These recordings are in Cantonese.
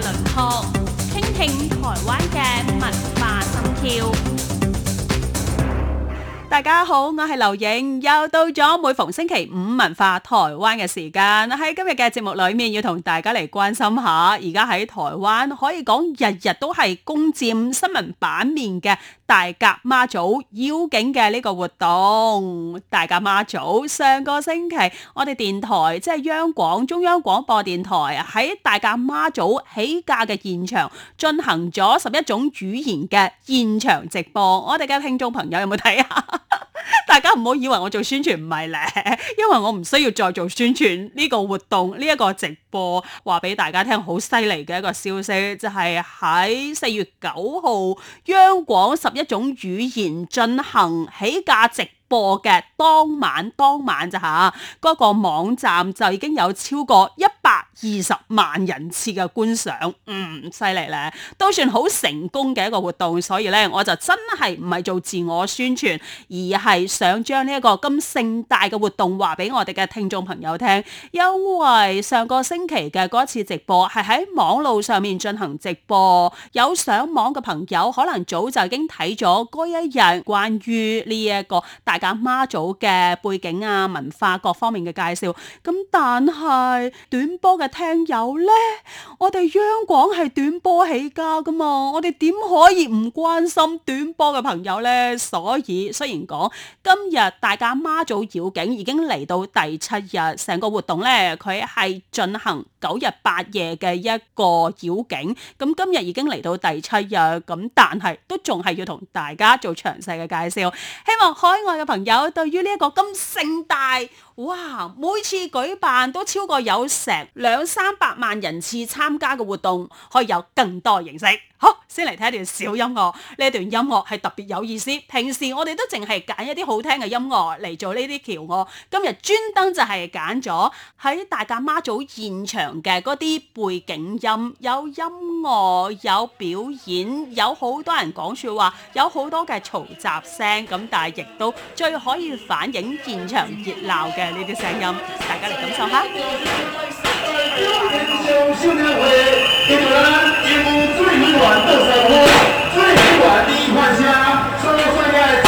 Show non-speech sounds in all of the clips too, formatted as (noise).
輪廓，傾聽台灣嘅文化心跳。大家好，我係劉影，又到咗每逢星期五文化台灣嘅時間。喺今日嘅節目裏面，要同大家嚟關心下，而家喺台灣可以講日日都係攻占新聞版面嘅。大甲媽祖遶境嘅呢個活動，大甲媽祖上個星期我哋電台即係央廣中央廣播電台喺大甲媽祖起駕嘅現場進行咗十一種語言嘅現場直播，我哋嘅聽眾朋友有冇睇啊？ (laughs) 大家唔好以為我做宣傳唔係咧，因為我唔需要再做宣傳呢個活動呢一，呢個直播話俾大家聽好犀利嘅一個消息，就係喺四月九號央廣十。一種語言進行起價值。播嘅當晚當晚就吓、係？嗰、嗰個網站就已經有超過一百二十萬人次嘅觀賞，嗯，犀利咧，都算好成功嘅一個活動。所以咧，我就真係唔係做自我宣傳，而係想將呢一個咁盛大嘅活動話俾我哋嘅聽眾朋友聽。因為上個星期嘅嗰一次直播係喺網絡上面進行直播，有上網嘅朋友可能早就已經睇咗嗰一日關於呢、呢、一個大。講媽祖嘅背景啊，文化各方面嘅介紹，咁但係短波嘅聽友呢，我哋央廣係短波起家噶嘛，我哋點可以唔關心短波嘅朋友呢？所以雖然講今日大家媽祖繞境已經嚟到第七日，成個活動呢，佢係進行。九日八夜嘅一個遶境，咁今日已經嚟到第七日，咁但係都仲係要同大家做詳細嘅介紹，希望海外嘅朋友對於呢一個咁盛大。哇！每次舉辦都超過有成兩三百萬人次參加嘅活動，可以有更多形式。好，先嚟睇一段小音樂。呢段音樂係特別有意思。平時我哋都淨係揀一啲好聽嘅音樂嚟做呢啲橋樑，今日專登就係揀咗喺大甲媽祖現場嘅嗰啲背景音，有音樂，有表演，有好多人講説話，有好多嘅嘈雜聲咁，但係亦都最可以反映現場熱鬧嘅。呢啲聲音，大家嚟感受下。 (noise)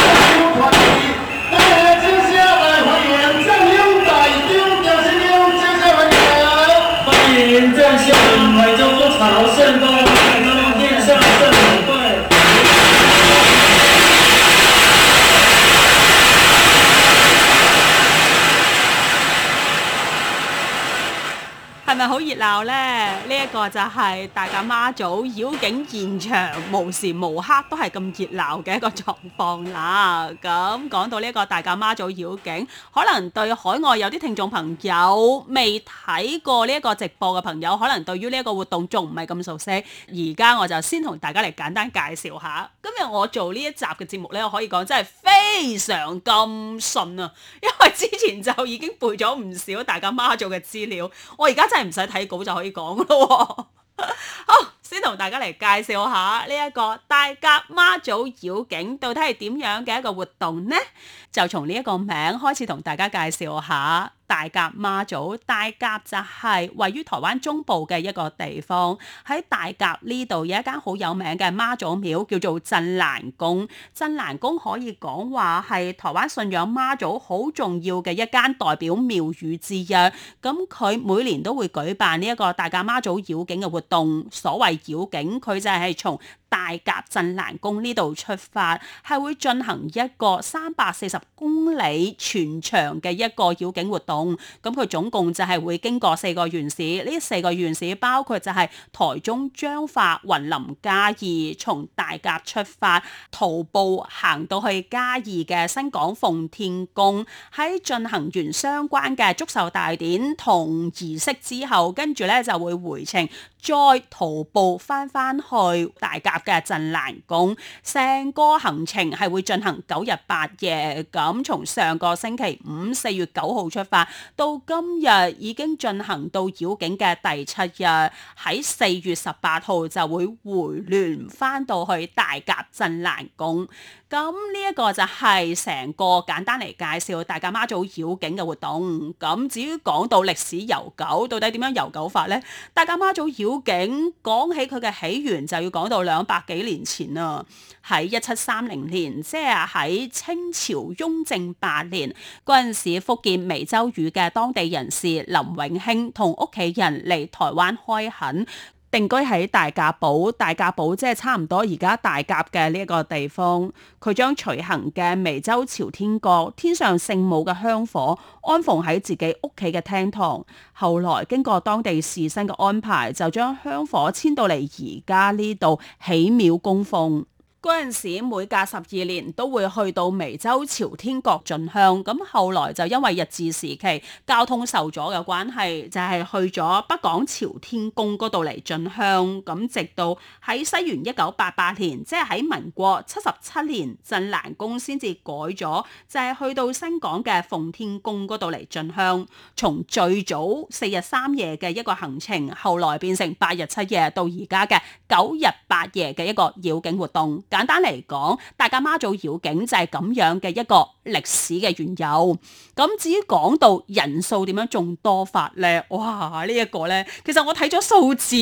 好熱鬧呢，呢、這、一個就係大甲媽祖遶境現場，無時無刻都係咁熱鬧嘅一個狀況啦。咁、嗯、講到呢一個大甲媽祖遶境，可能對海外有啲聽眾朋友未睇過呢一個直播嘅朋友，可能對於呢一個活動仲唔係咁熟悉。而家我就先同大家嚟簡單介紹下。今日我做呢一集嘅節目呢，我可以講真係非常咁順啊，因為之前就已經背咗唔少大甲媽祖嘅資料，我而家真係～唔使睇稿就可以講咯喎！ (laughs) 好，先同大家嚟介紹下呢一個大甲媽祖繞境到底係點樣嘅一個活動呢？就從呢一個名開始同大家介紹下。大甲媽祖，大甲就係位於台灣中部嘅一個地方。喺大甲呢度有一間好有名嘅媽祖廟，叫做鎮瀾宮。鎮瀾宮可以講話係台灣信仰媽祖好重要嘅一間代表廟宇之一。咁佢每年都會舉辦呢一個大甲媽祖繞境嘅活動。所謂繞境，佢就係從大甲鎮瀾宮呢度出發，係會進行一個三百四十公里全長嘅一個繞境活動。咁佢總共就係會經過四個縣市，呢四個縣市包括就係台中、彰化、雲林、嘉義。從大甲出發，徒步行到去嘉義嘅新港奉天宮，喺進行完相關嘅祝壽大典同儀式之後，跟住呢就會回程。再徒步翻翻去大甲嘅鎮瀾宮，成個行程係會進行九日八夜咁。從上個星期五四月九號出發到今日已經進行到繞境嘅第七日，喺四月十八號就會回鑾翻到去大甲鎮瀾宮。咁呢一個就係成個簡單嚟介紹大甲媽祖繞境嘅活動，咁至於講到歷史悠久，到底點樣悠久法咧？大甲媽祖繞。究竟講起佢嘅起源，就要講到兩百幾年前啦。喺一七三零年，即係喺清朝雍正八年嗰陣時，福建湄洲嶼嘅當地人士林永興同屋企人嚟台灣開墾。定居喺大甲堡，大甲堡即係差唔多而家大甲嘅呢一個地方。佢將隨行嘅湄洲朝天閣天上聖母嘅香火安放喺自己屋企嘅廳堂。後來經過當地士紳嘅安排，就將香火遷到嚟而家呢度起廟供奉。嗰陣時，每隔十二年都會去到湄洲朝天閣進香。咁後來就因為日治時期交通受阻嘅關係，就係去咗北港朝天宮嗰度嚟進香。咁直到喺西元一九八八年，即係喺民國七十七年，鎮瀾宮先至改咗，就係去到新港嘅奉天宮嗰度嚟進香。從最早四日三夜嘅一個行程，後來變成八日七夜，到而家嘅九日八夜嘅一個繞境活動。簡單嚟講，大甲媽祖繞境就係咁樣嘅一個歷史嘅緣由。咁至於講到人數點樣仲多法呢？哇！呢、這、一個呢，其實我睇咗數字，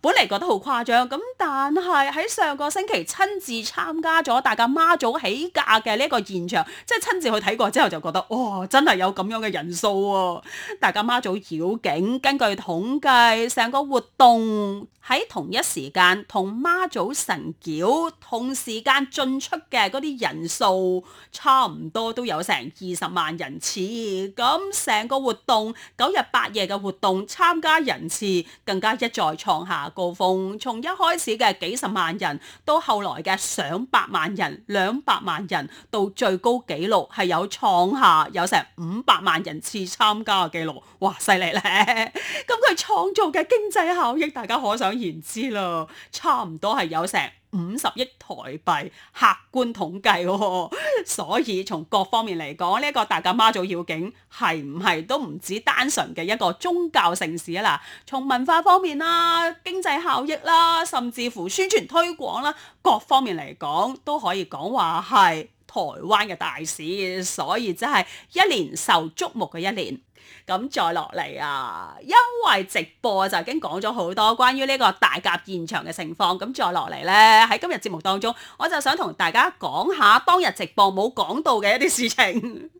本嚟覺得好誇張。咁但係喺上個星期親自參加咗大甲媽祖起駕嘅呢一個現場，即係親自去睇過之後，就覺得哇，真係有咁樣嘅人數喎、哦！大甲媽祖繞境根據統計，成個活動喺同一時間同媽祖神轎，同時間進出嘅嗰啲人數差唔多都有成二十萬人次，咁成個活動九日八夜嘅活動參加人次更加一再創下高峰。從一開始嘅幾十萬人，到後來嘅上百萬人、兩百萬人，到最高紀錄係有創下有成五百萬人次參加嘅紀錄，哇！犀利咧！咁佢創造嘅經濟效益，大家可想而知囉，差唔多係有成。五十億台幣，客觀統計、哦，所以從各方面嚟講，呢、這、一個大甲媽祖遶境係唔係都唔止單純嘅一個宗教城市啊！嗱，從文化方面啦、經濟效益啦，甚至乎宣傳推廣啦，各方面嚟講都可以講話係台灣嘅大事。所以真係一年受矚目嘅一年。咁再落嚟啊，因為直播就已經講咗好多關於呢個大甲現場嘅情況，咁再落嚟呢，喺今日節目當中，我就想同大家講下當日直播冇講到嘅一啲事情，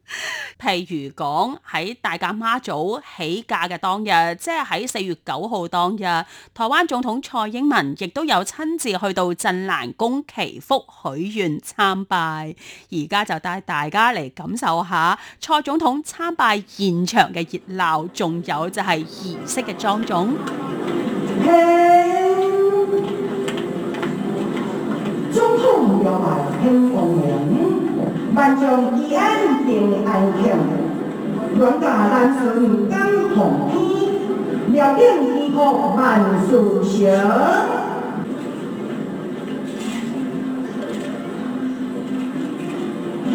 譬 (laughs) 如講喺大甲媽祖起駕嘅當日，即係喺四月九號當日，台灣總統蔡英文亦都有親自去到鎮瀾宮祈福許願參拜，而家就帶大家嚟感受下蔡總統參拜現場嘅熱鬧，仲有就係儀式嘅莊重。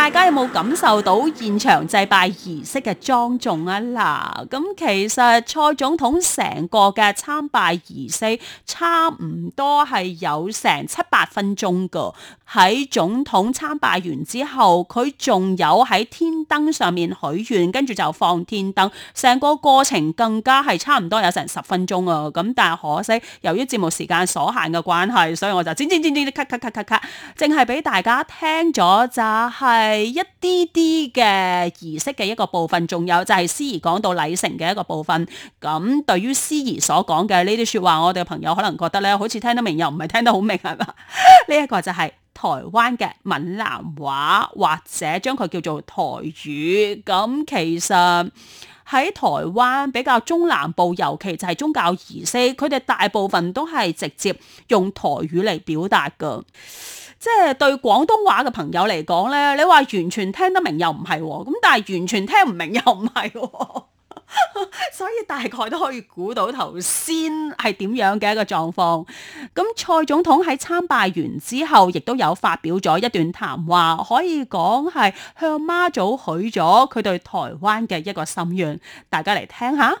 大家有冇感受到現場祭拜儀式嘅莊重啊？嗱，咁其實蔡總統成個嘅參拜儀式差唔多係有成七八分鐘噶。喺總統參拜完之後，佢仲有喺天燈上面許願跟住就放天燈，成個過程更加係差唔多有成十分鐘啊！咁但係可惜，由於節目時間所限嘅關係，所以我就剪剪剪剪咔咔咔咔咔淨係俾大家聽咗咋係。係一啲啲嘅儀式嘅一個部分，仲有就係司儀講到禮成嘅一個部分。咁、嗯、對於司儀所講嘅呢啲說話，我哋嘅朋友可能覺得咧，好似聽得明又唔係聽得好明，係嘛？呢 (laughs) 一個就係台灣嘅閩南話，或者將佢叫做台語。咁、嗯、其實喺台灣比較中南部，尤其就係宗教儀式，佢哋大部分都係直接用台語嚟表達噶。即係對廣東話嘅朋友嚟講呢，你話完全聽得明又唔係喎，咁但係完全聽唔明又唔係喎， (laughs) 所以大概都可以估到頭先係點樣嘅一個狀況。咁、um、蔡總統喺參拜完之後，亦都有發表咗一段談話，可以講係向媽祖許咗佢對台灣嘅一個心願。大家嚟聽下。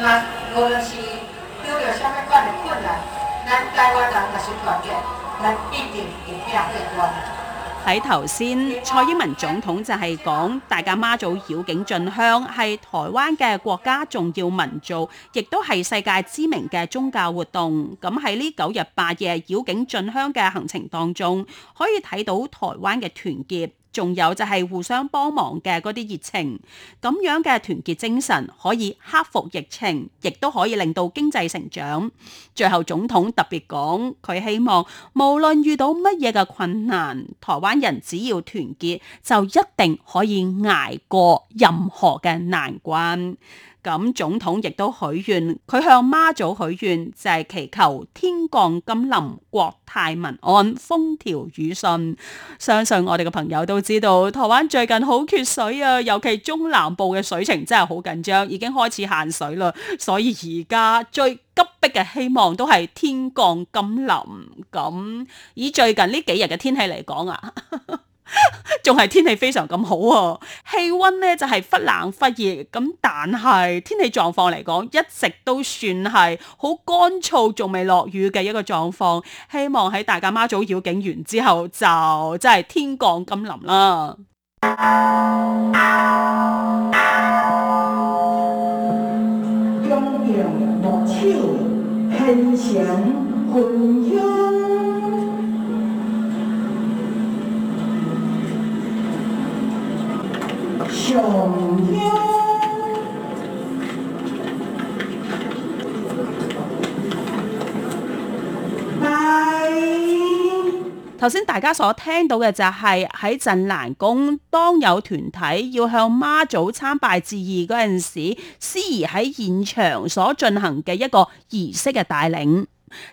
無論係遇到什麼樣嘅困難，咱台灣人嘅是團結，人必定會贏嘅關。喺頭先，蔡英文總統就係講，大甲媽祖遶境進香係台灣嘅國家重要民俗，亦都係世界知名嘅宗教活動。咁喺呢九日八夜遶境進香嘅行程當中，可以睇到台灣嘅團結。仲有就係互相幫忙嘅嗰啲熱情，咁樣嘅團結精神可以克服疫情，亦都可以令到經濟成長。最後總統特別講，佢希望無論遇到乜嘢嘅困難，台灣人只要團結，就一定可以捱過任何嘅難關。咁總統亦都許願，佢向媽祖許願就係祈求天降甘霖，國泰民安，風調雨順。相信我哋嘅朋友都知道，台灣最近好缺水啊，尤其中南部嘅水情真係好緊張，已經開始限水啦。所以而家最急迫嘅希望都係天降甘霖。咁以最近呢幾日嘅天氣嚟講啊。 (laughs) 仲係 (laughs) 天氣非常咁好喎、啊，氣溫呢就係、是、忽冷忽熱咁，但係天氣狀況嚟講，一直都算係好乾燥，仲未落雨嘅一個狀況。希望喺大家媽祖繞境完之後，就真係天降甘霖啦。 (noise) 向頭先大家所聽到嘅就係喺鎮南宮，當有團體要向媽祖參拜致意嗰陣時，司儀喺現場所進行嘅一個儀式嘅帶領。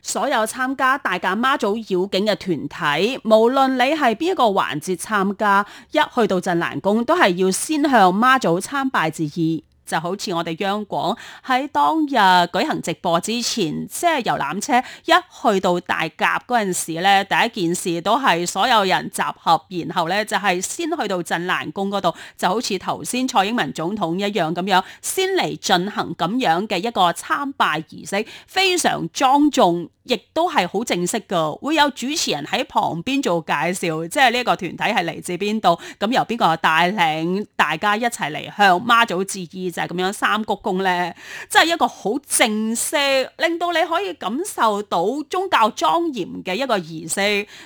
所有參加大甲媽祖繞境嘅團體，無論你係邊一個環節參加，一去到鎮瀾宮都係要先向媽祖參拜致意。就好似我哋央廣喺當日舉行直播之前，即係遊覽車一去到大甲嗰陣時咧，第一件事都係所有人集合，然後呢就係先去到鎮瀾宮嗰度，就好似頭先蔡英文總統一樣咁樣，先嚟進行咁樣嘅一個參拜儀式，非常莊重。亦都係好正式噶，會有主持人喺旁邊做介紹，即係呢個團體係嚟自邊度，咁由邊個帶領大家一齊嚟向媽祖致意，就係咁樣三鞠躬咧，即係一個好正式，令到你可以感受到宗教莊嚴嘅一個儀式。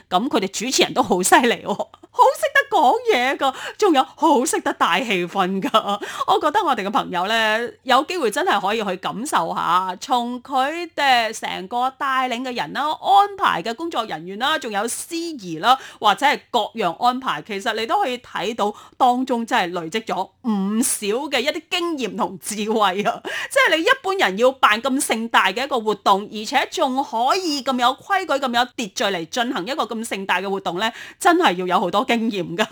咁佢哋主持人都好犀利，好識得講嘢噶，仲有好識得帶氣氛噶。我覺得我哋嘅朋友咧，有機會真係可以去感受下，從佢哋成個帶嘅人啦，安排嘅工作人員啦，仲有司儀啦，或者係各樣安排，其實你都可以睇到當中真係累積咗唔少嘅一啲經驗同智慧啊！即係你一般人要辦咁盛大嘅一個活動，而且仲可以咁有規矩、咁有秩序嚟進行一個咁盛大嘅活動咧，真係要有好多經驗噶。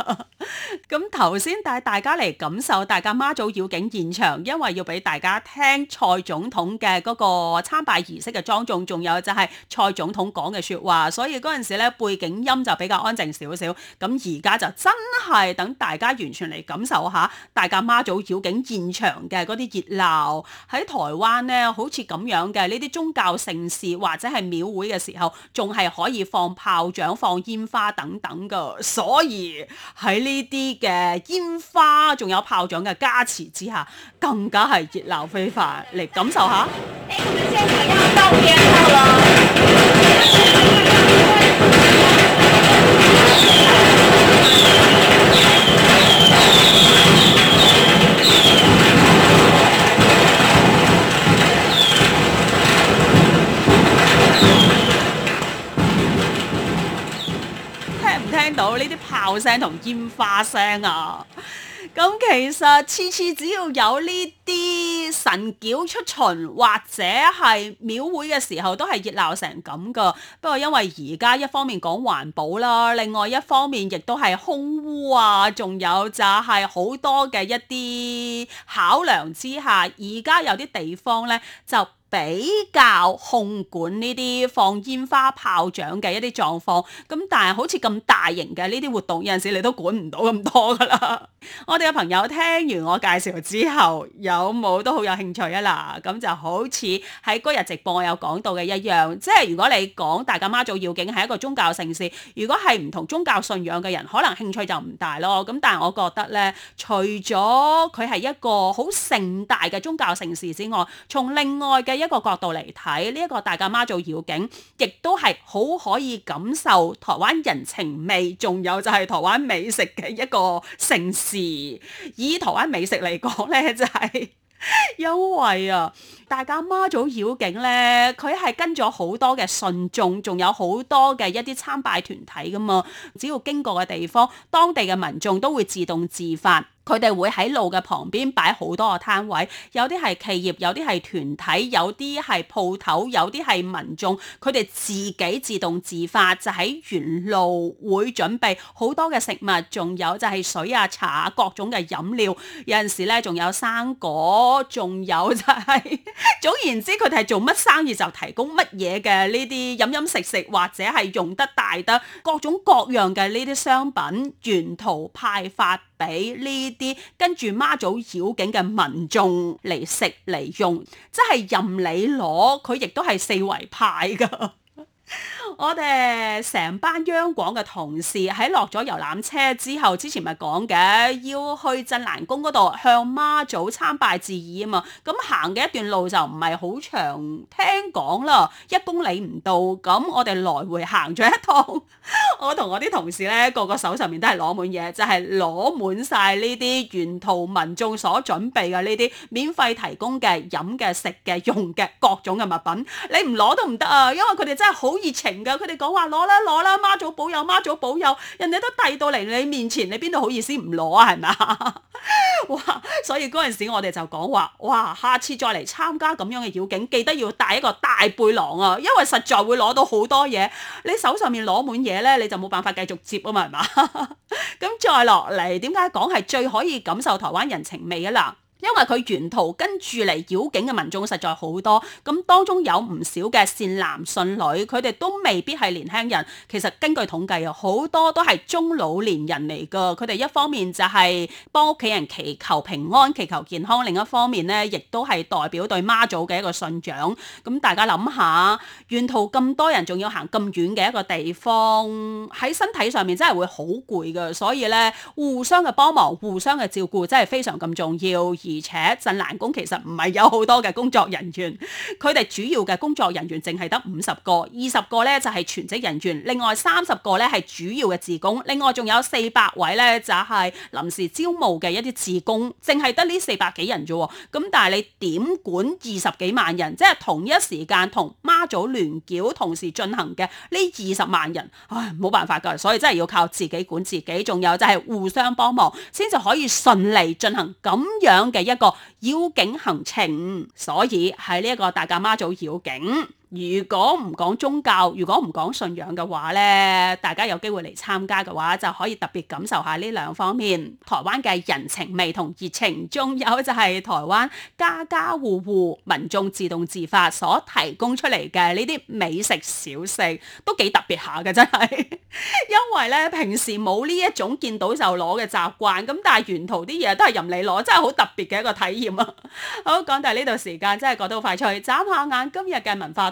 咁頭先帶大家嚟感受大家媽祖繞境現場，因為要俾大家聽蔡總統嘅嗰個參拜儀式嘅莊重，仲有就係、是。蔡總統講嘅説話，所以嗰陣時呢背景音就比較安靜少少。咁而家就真係等大家完全嚟感受下大甲媽祖繞境現場嘅嗰啲熱鬧。喺台灣呢，好似咁樣嘅呢啲宗教盛事或者係廟會嘅時候，仲係可以放炮仗、放煙花等等噶。所以喺呢啲嘅煙花仲有炮仗嘅加持之下，更加係熱鬧非凡。嚟感受下。 (music) 聽唔聽到呢啲炮聲同煙花聲啊？咁 (laughs) 其實次次只要有呢啲。神轎出巡或者係廟會嘅時候，都係熱鬧成咁噶，不過因為而家一方面講環保啦，另外一方面亦都係空污啊，仲有就係好多嘅一啲考量之下，而家有啲地方呢，就。比較控管呢啲放煙花炮仗嘅一啲狀況，咁但係好似咁大型嘅呢啲活動，有陣時你都管唔到咁多㗎啦。 (laughs) 我哋嘅朋友聽完我介紹之後，有冇都好有興趣啊嗱？咁就好似喺嗰日直播我有講到嘅一樣，即係如果你講大甲媽祖遶境係一個宗教城市，如果係唔同宗教信仰嘅人，可能興趣就唔大咯。咁但係我覺得呢，除咗佢係一個好盛大嘅宗教城市之外，從另外嘅。一個角度嚟睇，呢、這、一個大甲媽祖繞境，亦都係好可以感受台灣人情味，仲有就係台灣美食嘅一個盛事。以台灣美食嚟講呢，就係因為，啊，大甲媽祖繞境呢，佢係跟咗好多嘅信眾，仲有好多嘅一啲參拜團體㗎嘛。只要經過嘅地方，當地嘅民眾都會自動自發。佢哋會喺路嘅旁邊擺好多個攤位，有啲係企業，有啲係團體，有啲係鋪頭，有啲係民眾，佢哋自己自動自發就喺沿路會準備好多嘅食物，仲有就係水啊、茶啊各種嘅飲料。有陣時咧，仲有生果，仲有就係、是、 (laughs) 總言之，佢哋係做乜生意就提供乜嘢嘅呢啲飲飲食食，或者係用得大得各種各樣嘅呢啲商品沿途派發俾呢。啲跟住媽祖繞境嘅民眾嚟食嚟用，即係任你攞，佢亦都係四圍派㗎。 (laughs) 我哋成班央廣嘅同事喺落咗遊覽車之後，之前咪講嘅，要去鎮瀾宮嗰度向媽祖參拜致意啊嘛。咁行嘅一段路就唔係好長，聽講啦，一公里唔到。咁我哋來回行咗一趟， (laughs) 我同我啲同事呢個個手上面都係攞滿嘢，就係攞滿晒呢啲沿途民眾所準備嘅呢啲免費提供嘅飲嘅、食嘅、用嘅各種嘅物品。你唔攞都唔得啊，因為佢哋真係好熱情。有佢哋講話，攞啦攞啦，媽祖保佑，媽祖保佑，人哋都遞到嚟你面前，你邊度好意思唔攞啊？係嘛， (laughs) 哇！所以嗰陣時我哋就講話，哇！下次再嚟參加咁樣嘅遶境，記得要帶一個大背囊啊，因為實在會攞到好多嘢，你手上面攞滿嘢呢，你就冇辦法繼續接啊嘛，係嘛？咁 (laughs) 再落嚟，點解講係最可以感受台灣人情味嘅啦？因為佢沿途跟住嚟繞境嘅民眾實在好多，咁當中有唔少嘅善男信女，佢哋都未必係年輕人。其實根據統計啊，好多都係中老年人嚟㗎。佢哋一方面就係幫屋企人祈求平安、祈求健康，另一方面呢亦都係代表對媽祖嘅一個信仰。咁大家諗下，沿途咁多人仲要行咁遠嘅一個地方，喺身體上面真係會好攰㗎。所以呢，互相嘅幫忙、互相嘅照顧，真係非常咁重要。而且鎮瀾宮其實唔係有好多嘅工作人員，佢哋主要嘅工作人員淨係得五十個，二十個咧就係全職人員，另外三十個咧係主要嘅志工，另外仲有四百位咧就係臨時招募嘅一啲志工，淨係得呢四百幾人啫。咁但係你點管二十幾萬人，即係同一時間同媽祖聯繳同時進行嘅呢二十萬人，唉冇辦法㗎，所以真係要靠自己管自己，仲有就係互相幫忙，先至可以順利進行咁樣嘅。係一個遶境行程，所以係呢一個大甲媽祖遶境。如果唔講宗教，如果唔講信仰嘅話呢，大家有機會嚟參加嘅話，就可以特別感受下呢兩方面台灣嘅人情味同熱情。仲有就係台灣家家家戶戶民眾自動自發所提供出嚟嘅呢啲美食小食，都幾特別下嘅真係。因為呢，平時冇呢一種見到就攞嘅習慣，咁但係沿途啲嘢都係任你攞，真係好特別嘅一個體驗啊！好，講到呢度時間真係過得好快脆，眨下眼今日嘅文化。